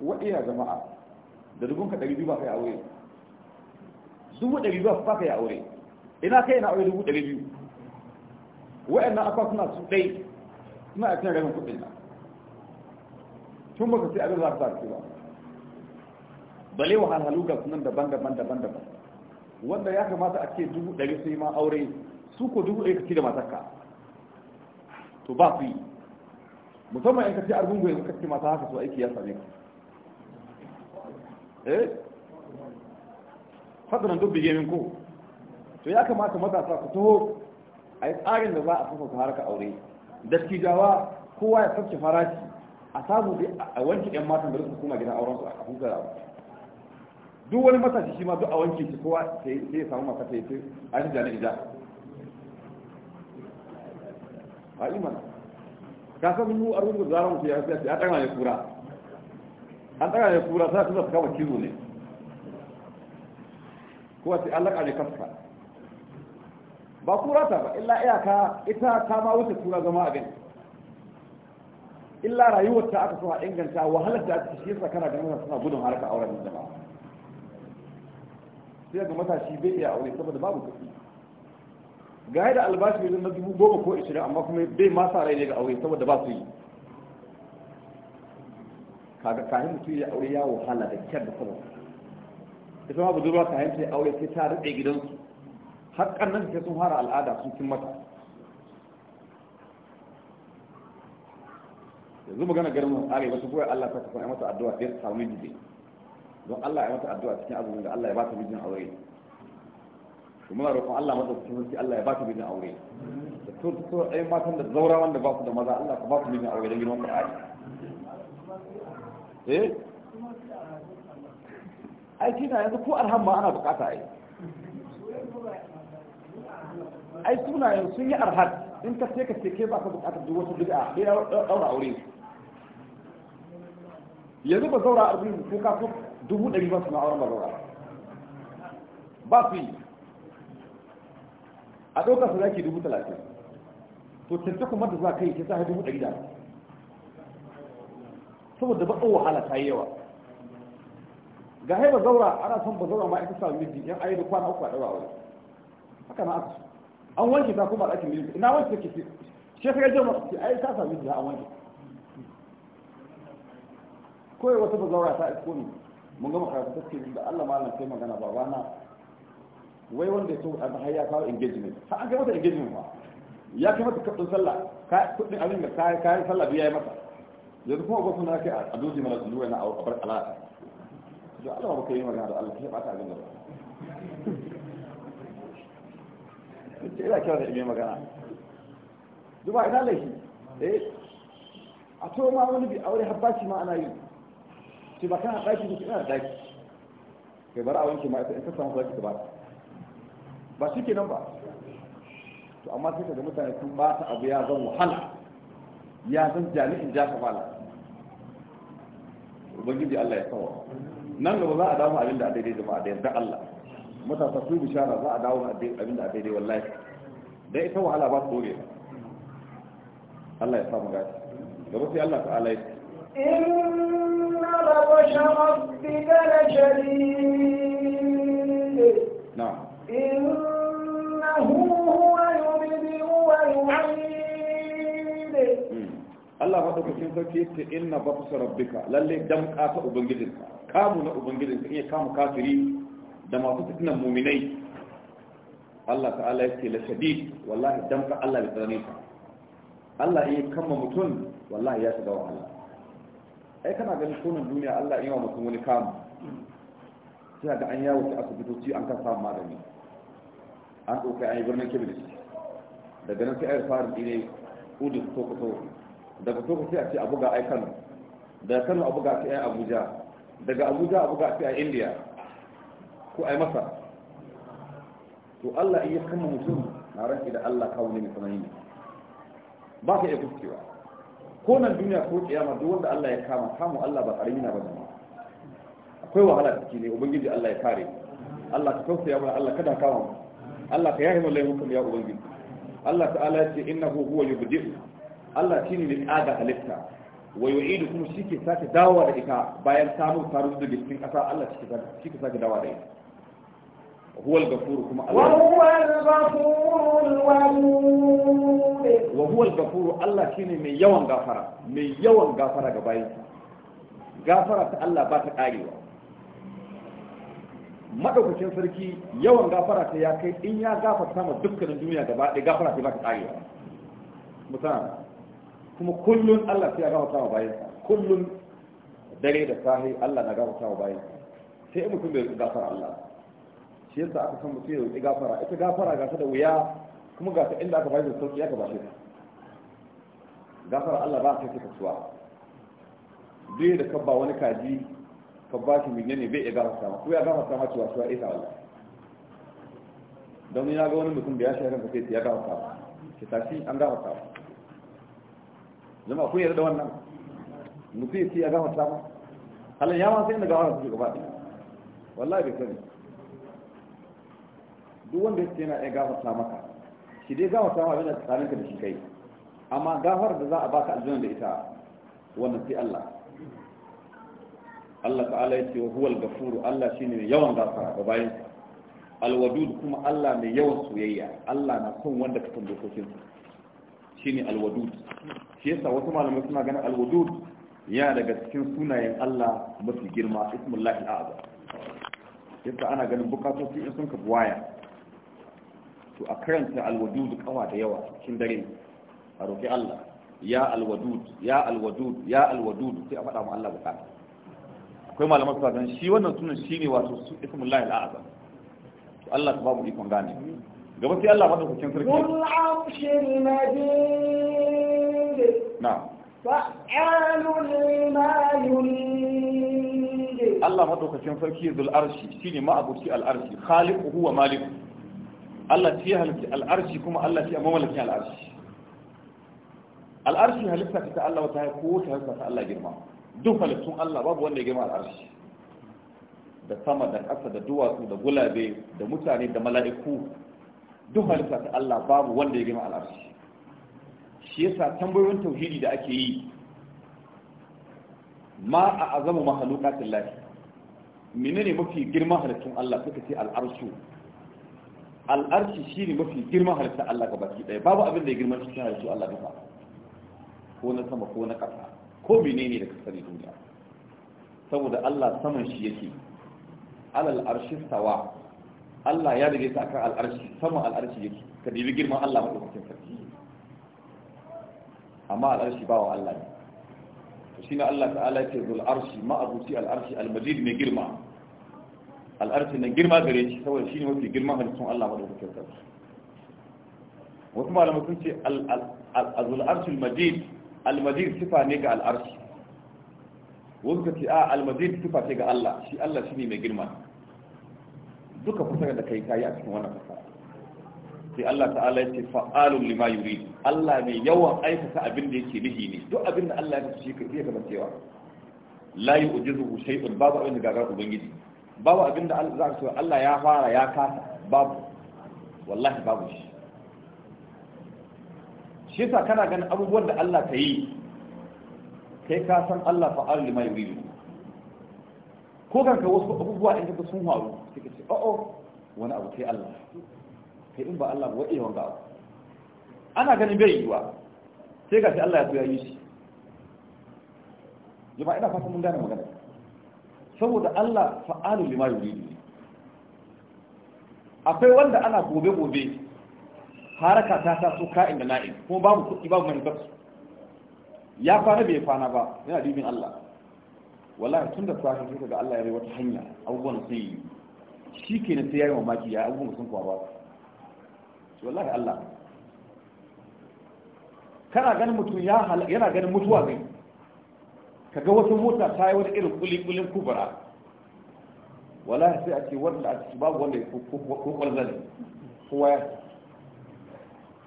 wa'iya jama'a da dubun ka ɗari biyu ba kai aure dubu ɗari biyu ba ka ya aure ina kai na aure dubu ɗari biyu wa'annan akwa suna su ɗai suna a cikin rabin kuɗin na tun ba ka sai abin za su sa ba bale wahalhalu ga sunan daban-daban daban-daban wanda ya kamata a ce dubu ɗari sai ma aure su ko dubu ɗari ka ci da matarka to ba su yi musamman in ka ce argungu yanzu ka ce mata haka su aiki ya same ka eh fatanan duk bige min ko to ya kamata matasa ku taho a yi tsarin da za a fasa harka aure dattijawa kowa ya sabke farashi a samu a wanke yan matan da su kuma gidan auren su a huta da duk wani matashi shi ma duk a wanke shi kowa sai ya samu masa ta yi ta yi jani ija a mana ka san mu a rubuta zaran mutu ya fiye a tsaya ne kura an tsaya ne kura sai su kama kizo ne kuwa sai Allah kare mai kafka ba kura ta ba illa iyaka ita ta ma wuce kura zama abin illa rayuwar ta aka so a inganta wahalar da ake shi kana ganin masa suna gudun harka auren da jama'a sai ga matashi bai iya aure saboda babu kuɗi ga yadda albashi wajen na dubu goma ko ishirin amma kuma bai masa rai ne ga aure saboda ba su yi kaga kahin mutum ya aure ya wahala da kyar da saboda ita ma budurwa ka yanta aure sai ta rike gidansu har kannan sai sun fara al'ada sun cin mata yanzu magana garin arewa su koyar Allah ta kafa ya mata addu'a sai ta samu miji don Allah ya mata addu'a cikin azumin da Allah ya ba ta mijin aure kuma muna roƙon Allah mata cikin sarki Allah ya ba ta mijin aure da to to ai matan da zaura wanda ba su da maza Allah ka ba su mijin aure da girman Qur'ani eh ai tina yanzu ko arham ma ana bukata ai ai sunayen sun yi arhad in ka sai ka ce ke ba ka bukata duk wata bid'a sai ya daura aure yanzu ba zaura a wurin ko ka so dubu ɗari ba suna auren ba zaura ba su yi a ɗaukar su zaki dubu talatin to tafi kuma da za ka yi ta sa dubu ɗari da saboda ba ɗau wahala ta yi yawa ga haiba zaura ana son ba zaura ma ita sa miji yan ayi da kwana uku a daura aure haka na aka an wanke ta kuma ɗakin miji ina wanke take ce sai ka je ma ce ai ta samu miji an wanke koyi wata ba zaura ta isko ne mun gama karatu ta ce da Allah ma sai magana babana wai wanda ya so a har ya kawo engagement Ha an kai mata engagement ba ya kai mata kudin sallah ka kudin abin da kayan sallah biya ya mata yanzu kuma gwamnati na kai a doji mana lura na a bar alaka da Allah ba ka yi magana da Allah kai ba ta abin da ba ce ina kyau da ime magana duba ina laifi eh a to ma wani bi aure habbaci ma ana yi ce ba kana daki ne ina daki kai bar a wanke ma ita in ka samu zaki ka ba ba shi nan ba to amma sai ka ga mutane sun ba ta abu ya zan wahala ya zan jami'in ja kamala ubangiji Allah ya kawo nan gaba za a dawo abin da a daidai jama'a da yadda Allah matasa su bishara za a dawo abin da a daidai wallahi dai ita wahala ba su dore Allah ya samu gashi gaba sai Allah ta'ala ya inna rabasha rabbika la shadid na'am innahu huwa yubdi wa yu'id hmm. Allah ba madaukakin sarki yace inna rabasha rabbika lalle damka ta ubangijinka kamu na ubangijin sun iya kama kafiri da masu fitinan muminai Allah ta'ala ya ce la shadid wallahi damka Allah bai tsare ka Allah ya kama mutum wallahi ya shiga wahala ai kana ganin sunan duniya Allah ya yi wa mutum wani kamu sai ga an yawo ta asibitoci an ka samu magani an ɗauka an yi birnin kibir daga nan sai a yi farin ɗine udin sokoto daga sokoto sai a ce abuga ai kano daga kano abuga sai a abuja daga abuja a buga a indiya ko a yi masa to allah iya kama mutum na ranke da allah kawo ne mai sanayi ne ba ka iya kuskewa ko nan duniya ko kiyama duk wanda allah ya kama kamun allah ba karami na ba ne akwai wahala ciki ne ubangiji allah ya kare allah ta tausaya mana allah kada kama mu allah ka yahi mu laifukan ya ubangiji allah ta'ala ya ce innahu huwa yubdi Allah shine ne aga halitta Wai wa Idu kuma shi ke sake dawowa da ita bayan samun faru da cikin ƙasa Allah shi ke sake dawowa da ita هو الغفور كما الله Allah shi ne mai yawan gafara, mai yawan gafara ga مي يوان gafara ta Allah ba ta karewa madaukakin sarki yawan gafara ta ya kai in ya gafarta ma dukkanin duniya gaba ɗaya gafara ta ba ta ƙarewa musamman kuma kullun Allah sai ya gafarta wa sa kullun dare da sahi Allah na gafarta wa bayansa sai mutum bai gafara Allah shi yasa aka san mutum ya roƙi gafara ita gafara ga ta da wuya kuma ga ta inda aka bayar da sauki aka bashe ta gafara Allah ba ta kai kasuwa duk da kabba wani kaji ka ba shi miliyan ne bai iya gafarta ma ko ya gafarta ma cewa cewa ita Allah don ni na ga wani mutum da ya shi sai ya gafarta ma ki tashi an gafarta ma jama'a kun yarda wannan mutum ya ya gama samu halin ya ma sai gawa gawar su gaba ɗaya wallahi bai sani duk wanda yake yana iya sama ka, shi dai gafarta maka yana tsakanin ka da shi kai amma gafar da za a baka aljanna da ita wannan sai Allah Allah ta'ala ce wa huwal gafuru Allah shi ne mai yawan gafara ba bayin alwadud kuma Allah mai yawan soyayya Allah na son wanda ka tambaye kokin shine alwadud shi yasa wasu malamai suna ganin alwadud ya daga cikin sunayen Allah mafi girma ismullahi a'azam yasa ana ganin bukatoci in sun ka waya to a karanta alwadud kawa da yawa cikin dare a roƙi Allah ya alwadud ya alwadud ya alwadud sai a faɗa mu Allah bukata akwai malaman suna ganin shi wannan sunan shine wato ismullahi al'azam to Allah ta babu ikon gane gaba sai Allah madaukakin sarki kul afshil majid na'am fa'alul lima yurid Allah madaukakin sarki zul arshi shine ma'abuci al arshi khaliquhu wa Malik. Allah ce halitta al arshi kuma Allah ce mamalakin al arshi al arshi halitta ta Allah wata ko ta halitta ta Allah girma duk halittun Allah babu wanda ya girma al arshi da sama da ƙasa da duwatsu da gulabe da mutane da mala'iku duk halitta ta Allah babu wanda ya gama al'arshi shi yasa tambayoyin tauhidi da ake yi ma a azamu mahalukatin lahi menene mafi girman halittun Allah suka ce al'arshu al'arshi shine mafi girman halittun Allah ga baki daya babu abin da ya girman cikin halittun Allah duka ko na sama ko na ƙasa ko menene da kasar duniya saboda Allah saman shi yake alal arshi sawa Allah ya rage ta akan al'arshi sama al'arshi yake ka dibi girman Allah madaukakin sarki amma al'arshi ba wa Allah ne to shine Allah ta'ala yake zul arshi ma'abuci al'arshi al-majid mai girma al'arshi na girma gare shi saboda shine mafi girman halittun Allah madaukakin sarki wasu malamai sun ce azul arshi al-majid al-majid sifa ne ga al'arshi wasu ka ce a al-majid sifa ce ga Allah shi Allah shine mai girma duka fasara da kai kayi a cikin wannan fasara sai Allah ta'ala ya ce fa'alun lima yuri Allah mai yawan aikata abin da yake nihi ne duk abin da Allah ya ce shi ka iya cewa. la yu'jizuhu shay'un babu abin da gagar ubangiji babu abin da za ka ce Allah ya fara ya kasa babu wallahi babu shi shi yasa kana ganin abubuwan da Allah ta yi kai ka san Allah fa'alun lima yuri ko kan ka wasu abubuwa in ka sun faru suka ce o'o oh, oh, wani abu sai Allah sai in ba Allah ba waɗe wanga abu ana ganin bai yiwa sai ga shi Allah ya so yi shi jama'a ina fata mun gane magana saboda Allah fa'alu lima yuridu akwai wanda ana gobe gobe haraka ta ta so ka'in da na'in kuma babu kuɗi babu manufarsu ya kwana bai kwana ba yana dubin Allah wallahi tun da safe sai ga Allah ya rai wata hanya abubuwan sai yi shi kenan sai ya yi mamaki ya abubuwan sun kuwa ba su wallahi Allah kana ganin mutum ya yana ganin mutuwa zai ka ga wasu mota ta yi wani irin kulikulin kubara wallahi sai a ce wanda a ciki babu wanda ya kukwar zane kowa ya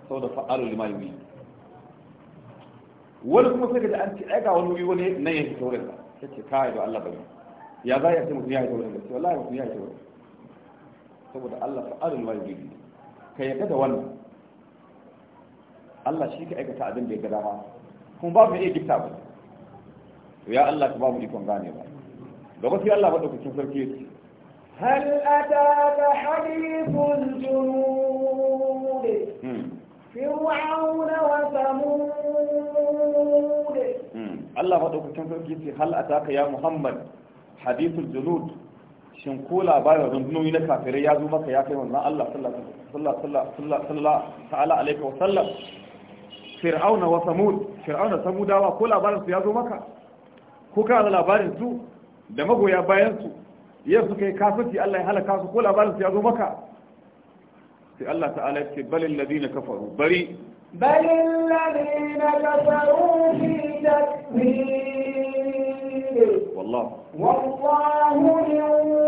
sau da fa'alu lima yi wani kuma sai da an ce ai ga wani wuri wani nan ya fi saurin ka sai ce yi da Allah bai ya za ya ce mutum ya yi saurin ka sai wallahi mutum ya yi saurin saboda Allah fa'alul wajibi ka yarda da wannan Allah shi ka aikata abin da ya ga kuma babu mai iya gifta ba ya Allah ka babu ikon gane ba da wasu Allah ba daukakin sarki yake هل أتاك حديث الجنود فرعون وثمود الله ما دوكا هل أتاك يا محمد حديث الجنود shin ko labarin rundunoyi na kafirai ya zo maka ya kai wannan Allah sallallahu ta'ala alaihi wa sallam fir'auna wa samud fir'auna samudawa ko labarin su ya zo maka ko ka da labarin su da magoya bayan su yau suka yi kafirci Allah ya halaka su ko labarin su ya zo maka sai Allah ta'ala ya ce balil ladina kafaru bari balil ladina kafaru fi takfir الله والله من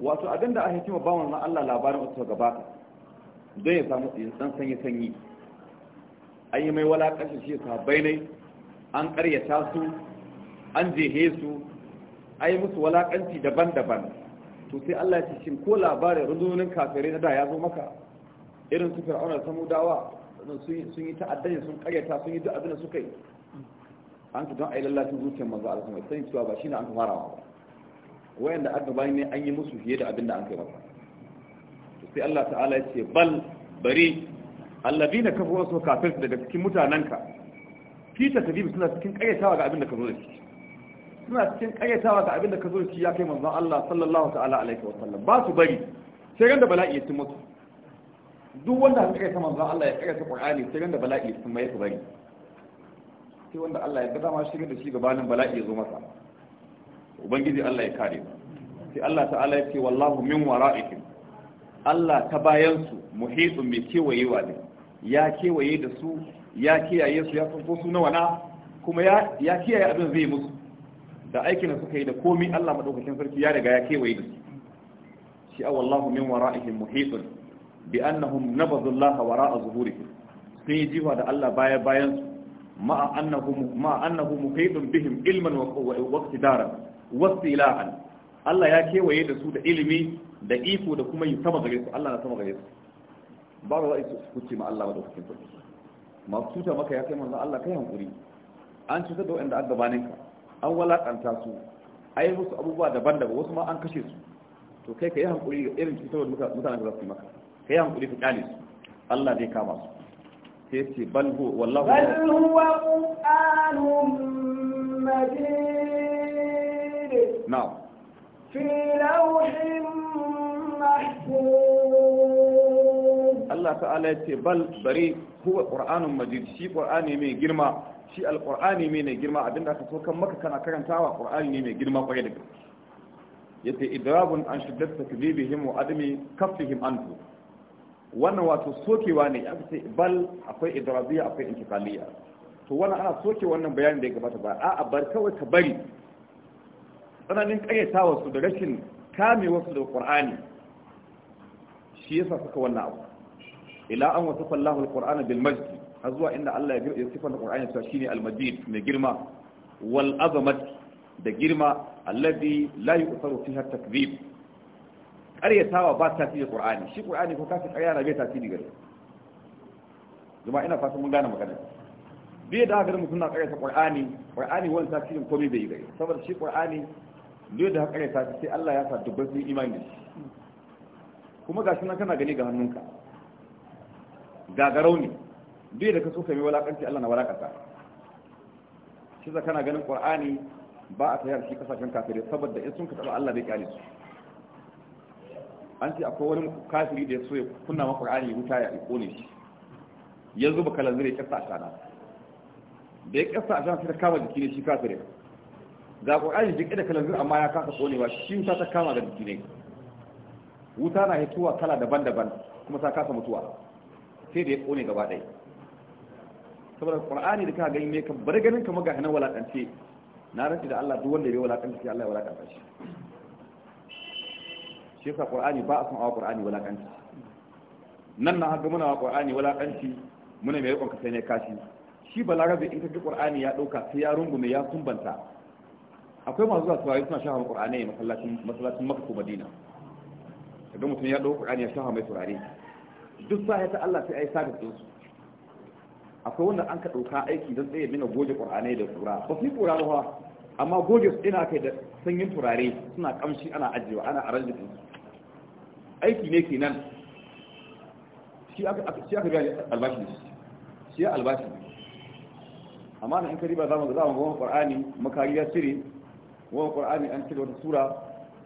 wato abin da a hikima ba wannan Allah labarin wasu gaba, don ya samu san sanyi sanyi an yi mai kashi shi sahabbai ne an karyata su an jehe su an yi musu walakanci daban-daban to sai Allah ya ce shi ko labarin rundunonin kafirai na da ya zo maka irin su fir'auna dawa. sun yi ta'addani sun karyata sun yi duk abin da suka yi an ka don a yi lallacin zuciyar maza Allah kuma sai cewa ba shine an ka marawa wayan da aka bayan ne an yi musu fiye da abin da an kai masa sai Allah ta'ala ya ce bal bari na kafa wasu kafir daga cikin mutananka ta takdib suna cikin karyatawa ga abin da ka zo da shi suna cikin karyatawa ga abin da ka zo da shi ya kai manzon Allah sallallahu ta'ala alaihi wa sallam ba su bari sai ganda bala'i ya ci musu duk wanda aka kaita manzon Allah ya kaita Qur'ani sai da bala'i sun mai bari sai wanda Allah ya ga dama shiga da shi gabanin bala'i ya zo masa ubangiji Allah ya kare sai Allah ta'ala ya ce wallahu min wara'ikum Allah ta bayan su muhitun mai kewayewa ne ya kewaye da su ya kiyaye su ya san su nawa na kuma ya kiyaye abin zai musu da aikin da suka yi da komi Allah madaukakin sarki ya riga ya kewaye da su shi a wallahu min wara'ihim muhitsun. bi annahum nabadhu Allah wara'a zuhurihim sun yi jiwa da Allah baya bayan su ma annahum ma annahum muhitun bihim ilman wa waqtidara wasilaan Allah ya kewaye da su da ilimi da iko da kuma yi sama gare su Allah na sama gare su ba za su kuce ma Allah ba da hukuncin sarki masu cuta maka ya kai manzo Allah kai hankuri an cutar da wanda aka gabanin ka an walakanta su ayi musu abubuwa daban-daban wasu ma an kashe su to kai ka yi hankuri ga irin cutar da mutane da za su yi maka kai hankuri ku kyale su Allah zai kama su sai ce bal hu wallahu bal huwa qur'anun majid Na. fi lawhin mahfuz Allah ta'ala ya ce bal bari huwa qur'anun majid shi qur'ani mai girma shi alqur'ani mai ne girma abinda aka so kan maka kana karantawa qur'ani ne mai girma kwarai da gaske yace idrabun an shiddat takdibihim wa adami kaffihim anhu wannan wato sokewa ne ya ce bal akwai idrabiya akwai intikaliya to wannan ana soke wannan bayanin da ya gabata ba a bar kawai ka bari tsananin kayyatawa su da rashin kamewa su da qur'ani shi yasa suka wannan abu ila an wasafa Allahu al bil har zuwa inda Allah ya girma sifar qur'ani cewa shine al-majid mai girma wal azamat da girma alladhi la yuqsaru fiha takdhib ƙaryatawa ba ta tasiri qur'ani shi qur'ani ko kasa ƙarya na bai tasiri gare jama'a ina fatan mun gane magana bai da haka mutum na ƙaryata qur'ani qur'ani wani tasirin komai bai gare saboda shi qur'ani dole da haka ƙaryata sai Allah ya sa dubban sun imani kuma gashi nan kana gani ga hannunka gagarau ne bai da ka so ka yi walakanci Allah na walakanta shi za kana ganin qur'ani ba a tayar shi kasashen kafirai saboda in sun ka taba Allah bai kyale su an ce akwai wani kafiri da ya so ya kunna maka Qur'ani wuta ya ƙone shi ya zuba kalanzir ya kasa kana. da ya kasa ashana sai ta kama jiki ne shi kafiri ga ƙwari jiki da kalanzir amma ya kasa ba shi wuta ta kama ga jiki ne wuta na hituwa kala daban-daban kuma ta kasa mutuwa sai da ya ƙone gaba ɗaya saboda Qur'ani da ka gani ne ka bar ganin kamar ga hanan walaƙance na rantsi da Allah duk wanda ya yi walaƙance sai Allah ya walaƙanta shi shi yasa qur'ani ba a san awa qur'ani walakanci nan na haka muna wa qur'ani walakanci muna mai rikon kasai ne kashi shi balarabe in ka ji qur'ani ya dauka sai ya rungume ya sumbanta akwai masu zuwa turare suna shafa qur'ani ne masallacin masallacin makka ko madina kaga mutum ya dauka qur'ani ya shahar mai turare duk sa ta Allah sai ai sabit din su akwai wanda an ka dauka aiki don tsaye mina goge qur'ani da tsura ba su yi ba amma goge su ina kai da sanyin turare suna kamshi ana ajiyewa ana arrange su aiki ne kenan shi aka biya albashi shi albashi amma na in ka riba zamu ga zamu gwan qur'ani makari ya cire gwan an cire wata sura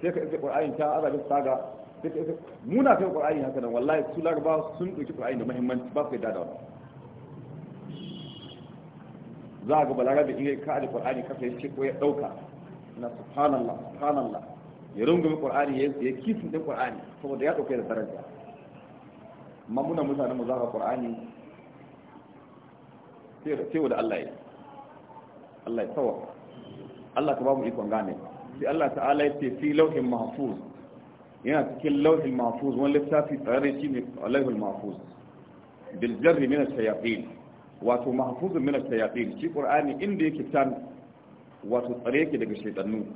sai ka isa qur'ani ta azabi saga sai ka isa muna kai qur'ani haka nan wallahi su larba sun ɗauki qur'ani da muhimmanci ba su kai dada wannan za a ga balarabe in ka da qur'ani kafa ya ce ko ya dauka na subhanallah subhanallah ya rungume qur'ani ya ya kifin din qur'ani saboda ya dauke da daraja amma muna mutanen mu zaka qur'ani sai da Allah ya Allah ya tawa Allah ta ba mu ikon gane sai Allah ta'ala ya ce fi lauhin mahfuz yana cikin lauhin mahfuz wani littafi tsare shi ne lauhin mahfuz bil jarri min ash-shayatin wato mahfuzun min ash-shayatin shi qur'ani inda yake tan wato tsare yake daga shaiɗannu.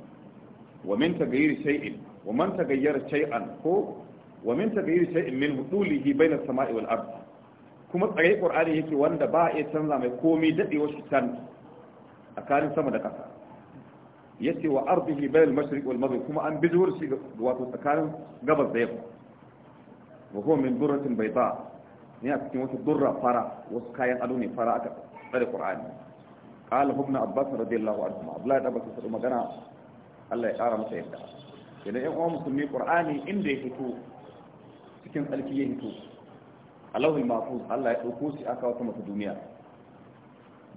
wa min tagayyir shay'in wa man tagayyara shay'an ko wa min tagayyir shay'in min hudulihi samai wal kuma tsare qur'ani yake wanda ba ya canza mai komai dadewa shi can tsakanin sama da ƙasa yace wa ardihi bayna al-mashriq wal maghrib kuma an bizuwar shi wato tsakanin gabas da yamma wa huwa min durratin bayda ne a cikin wata durra fara wasu kayan ado ne fara aka tsare qur'ani قال ابن عباس رضي الله Abdullahi da الله بن عباس magana. Allah ya ƙara masa yadda idan ƴan uwan musulmi qur'ani inda ya fito cikin tsarki ya fito a alawul mahfuz Allah ya ɗauko shi aka wata masa duniya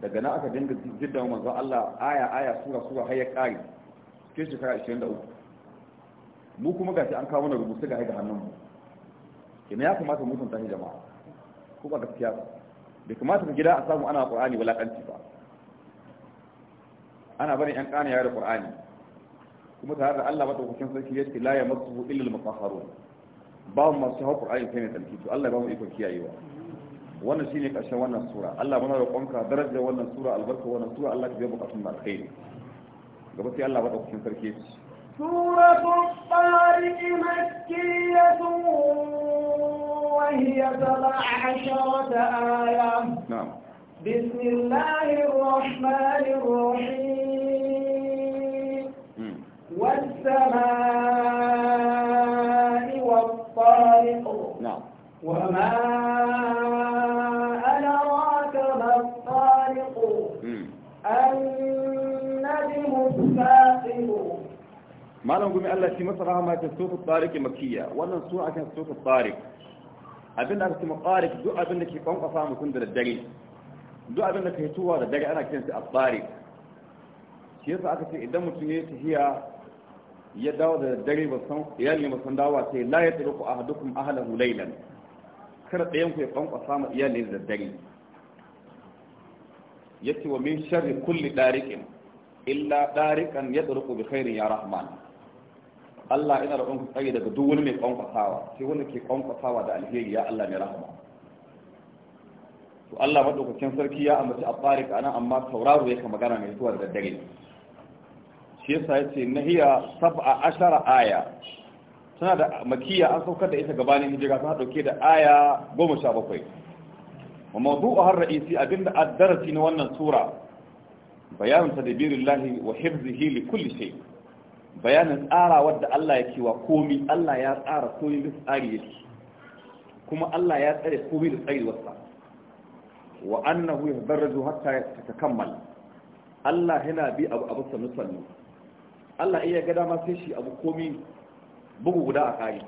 daga na aka dinga jidda manzo Allah aya aya sura sura har ya ƙare cikin shekara 23 mu kuma gashi an kawo mana rubutu ga haida hannun mu kenan ya kamata mu tunta jama'a ko ba gaskiya ba bai kamata ka gida a samu ana qur'ani wala ba ana barin yan kana yare qur'ani kuma da haka Allah madaukakin sarki yace la yamassuhu illa al-mutahharun ba mu masu haƙur ayin kai ne tsarki Allah ba mu iko kiyayewa wannan shine ƙarshen wannan sura Allah muna kwanka daraja wannan sura albarka wannan sura Allah ya biya bukatun na alkhairi gaba sai Allah madaukakin sarki yace سورة الطارق مكية وهي سبع عشرة آية na'am بسم الله الرحمن الرحيم والسماء والطارق نعم وما أدراك ما الطارق النجم الساقط ما لهم قومي ألا في مصر ما تسوق الطارق مكية ولا نسوع كان تسوق الطارق أبن أبن أبن مقارك دو أبن أبن أبن أفهم كندر الدليل duk abin da ka yi tuwa da daga ana kinsa a tsari shi ya dawo da dare ba san iyali ba san dawa sai la yatruku ahadukum ahlahu laylan kar ɗayan ku ya kwankwasa ma iyali da dare yace wa min sharri kulli dariqin illa dariqan yadruku bi khairin ya rahman Allah ina da ku tsare daga duk wani mai kwankwasawa sai wanda ke kwankwasawa da alheri ya Allah mai rahama to Allah madaukakin sarki ya ambaci a tsarika anan amma tauraro yake magana mai zuwa da daddare shi yasa ya ce na nahiya sab'a ashara aya suna da makiya an saukar da ita gabanin hijira ta dauke da aya goma sha bakwai wa mawdu'u har ra'isi abinda addarasi na wannan sura bayanin tadbirillahi wa hifzihi li kulli shay bayanin tsara wadda Allah yake wa komi Allah ya tsara komi da tsari yake kuma Allah ya tsare komi da tsari wasa wa annahu yahdaraju hatta yatakammal Allah yana bi abu abu sanu sanu Allah iya ga dama sai shi abu komi bugu guda a kai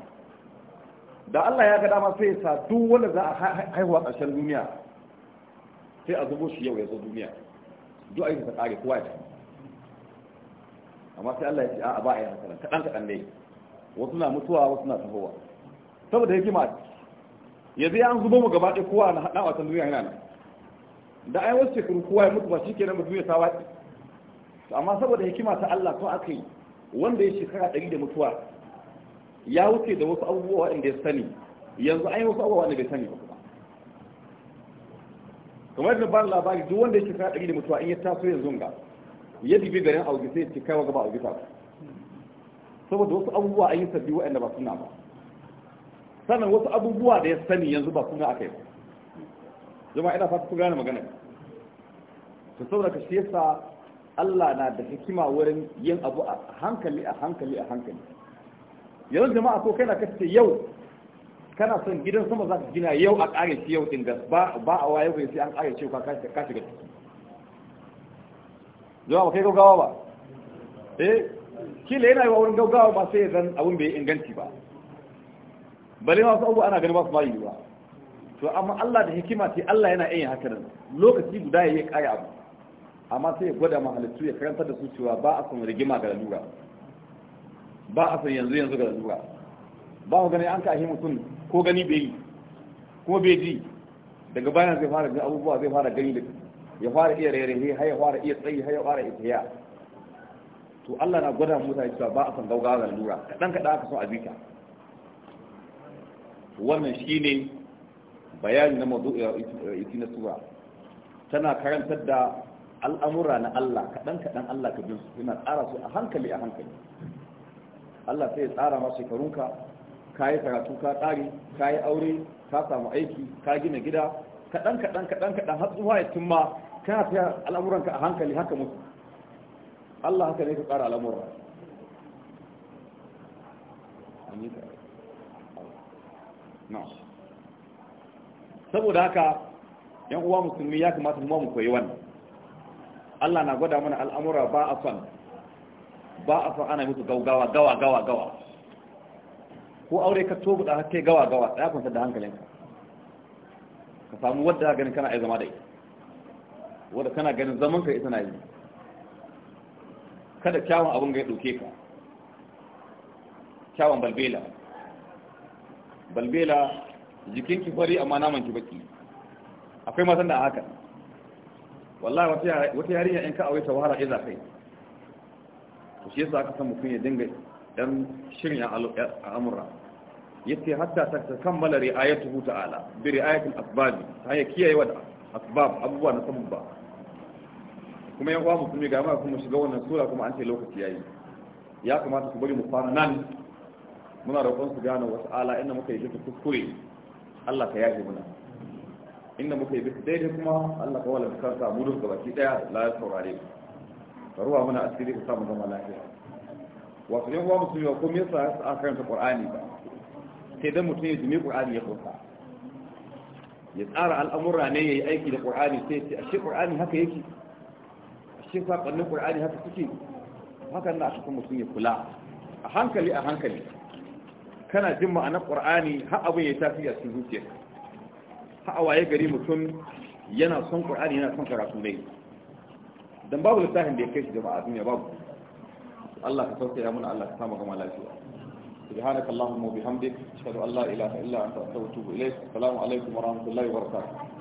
da Allah ya ga dama sai sa duk wanda za a haihuwa ƙarshen duniya sai a zubo shi yau ya zo duniya duk ayyuka ta kare kowa ya amma sai Allah ya ce a ba a yi haka kaɗan kaɗan ne wasu na mutuwa wasu na tafowa saboda hikima yanzu ya an zubo mu gaba ɗaya kowa na haɗa wasan duniya yana nan da ai wasu shekaru kowa ya mutu ba shi kenan mutum ya sa waɗi amma saboda hikima ta Allah to aka yi wanda ya shekara ɗari da mutuwa ya wuce da wasu abubuwa waɗanda ya sani yanzu an yi wasu abubuwa waɗanda bai sani ba kuma kamar yadda ba labari duk wanda ya shekara ɗari da mutuwa in ya taso yanzu ga ya dibi garin auge sai ya ce kai gaba auge ta saboda wasu abubuwa an yi sabbi waɗanda ba suna ba sannan wasu abubuwa da ya sani yanzu ba suna aka yi ba jama'a ina fata kun gane magana ta saboda ka shi yasa Allah na da hikima wurin yin abu a hankali a hankali a hankali yanzu jama'a ko kai na kace yau kana son gidan sama za ka gina yau a ƙare shi yau din ba ba a waye sai an ƙare shi ka ka shiga ciki jama'a kai gaugawa ba eh kila yana yi wa wurin gaugawa ba sai zan abun bai inganci ba ma su abu ana ganin ba su ma yi ba to amma Allah da hikima ce Allah yana yin haka nan lokaci guda ya yi ƙare abu amma sai ya gwada mahalittu ya karanta da su cewa ba a son rigima ga lalura ba a son yanzu yanzu ga lalura ba ku gani an ka ahi mutum ko gani bai yi ko bai ji daga bayan zai fara abubuwa zai fara gani da ya fara iya rairaye har ya fara iya tsayi har ya fara iya to Allah na gwada mutane cewa ba a son gaugawa ga lalura kadan kadan aka so a bita wannan shine bayani na mazu'i na sura tana karantar da al'amura na Allah kaɗan kaɗan Allah ka bin su yana tsara su a hankali a hankali Allah sai ya tsara ma shekarunka ka yi karatu ka tsari ka yi aure ka samu aiki ka gina gida kaɗan kaɗan kaɗan kaɗan har zuwa ya tumma kana ta al'amuranka a hankali haka musu. Allah haka ne ka tsara al'amura saboda haka yan uwa musulmi ya kamata mu mu koyi wannan Allah na gwada mana al'amura ba a fan ba a son ana mutu gawa gawa gawa gawa ko aure ka tobu da hakke gawa gawa ya kunsa da hankalinka ka samu wadda ganin kana ai zama da wadda kana ganin zaman ka ita na yi kada kyawun abin ga ya ɗauke ka kyawun balbela balbela jikinki fari amma naman ki baki akwai matan da haka wallahi wata yarinya in ka aure ta wahala iza kai to shi yasa aka san mutum ya dinga dan shirin al'amura yace hatta ta kammala ri'ayatuhu ta'ala bi ri'ayatil asbab ta ya kiyaye wa asbab abubuwa na sabba kuma yan uwa musulmi ga ma kuma shiga wannan sura kuma an ce lokaci yayi ya kamata ku bari mu fara nan muna roƙon su gano wasu ala inda muka yi ta kuskure Allah ka yafe muna inda muka yi bisa daidai kuma Allah ka wala bisa sa mudun ga baki daya la ya saurare mu ka ruwa muna asiri ka samu zama lafiya wato yan uwa musulmi ko me yasa aka karanta Qur'ani ba sai dan mutum ya jimi Qur'ani ya kusa ya tsara al'amura ne yayi aiki da Qur'ani sai ce ashe Qur'ani haka yake ashe sakonnin Qur'ani haka suke hakan na aka mutum ya kula a hankali a hankali kana jin ma'anar Qur'ani har abin ya tafi a cikin zuciyarka ha'awaye gari mutum yana son ƙur'ani yana son karatu ne don babu littafin da ya kai shi jama'a duniya babu Allah ka sauke ya muna Allah ka samu gama lafiya subhanakallahumma wa bihamdik ashhadu an la ilaha illa anta astaghfiruka wa atubu ilaik assalamu alaikum wa rahmatullahi wa barakatuh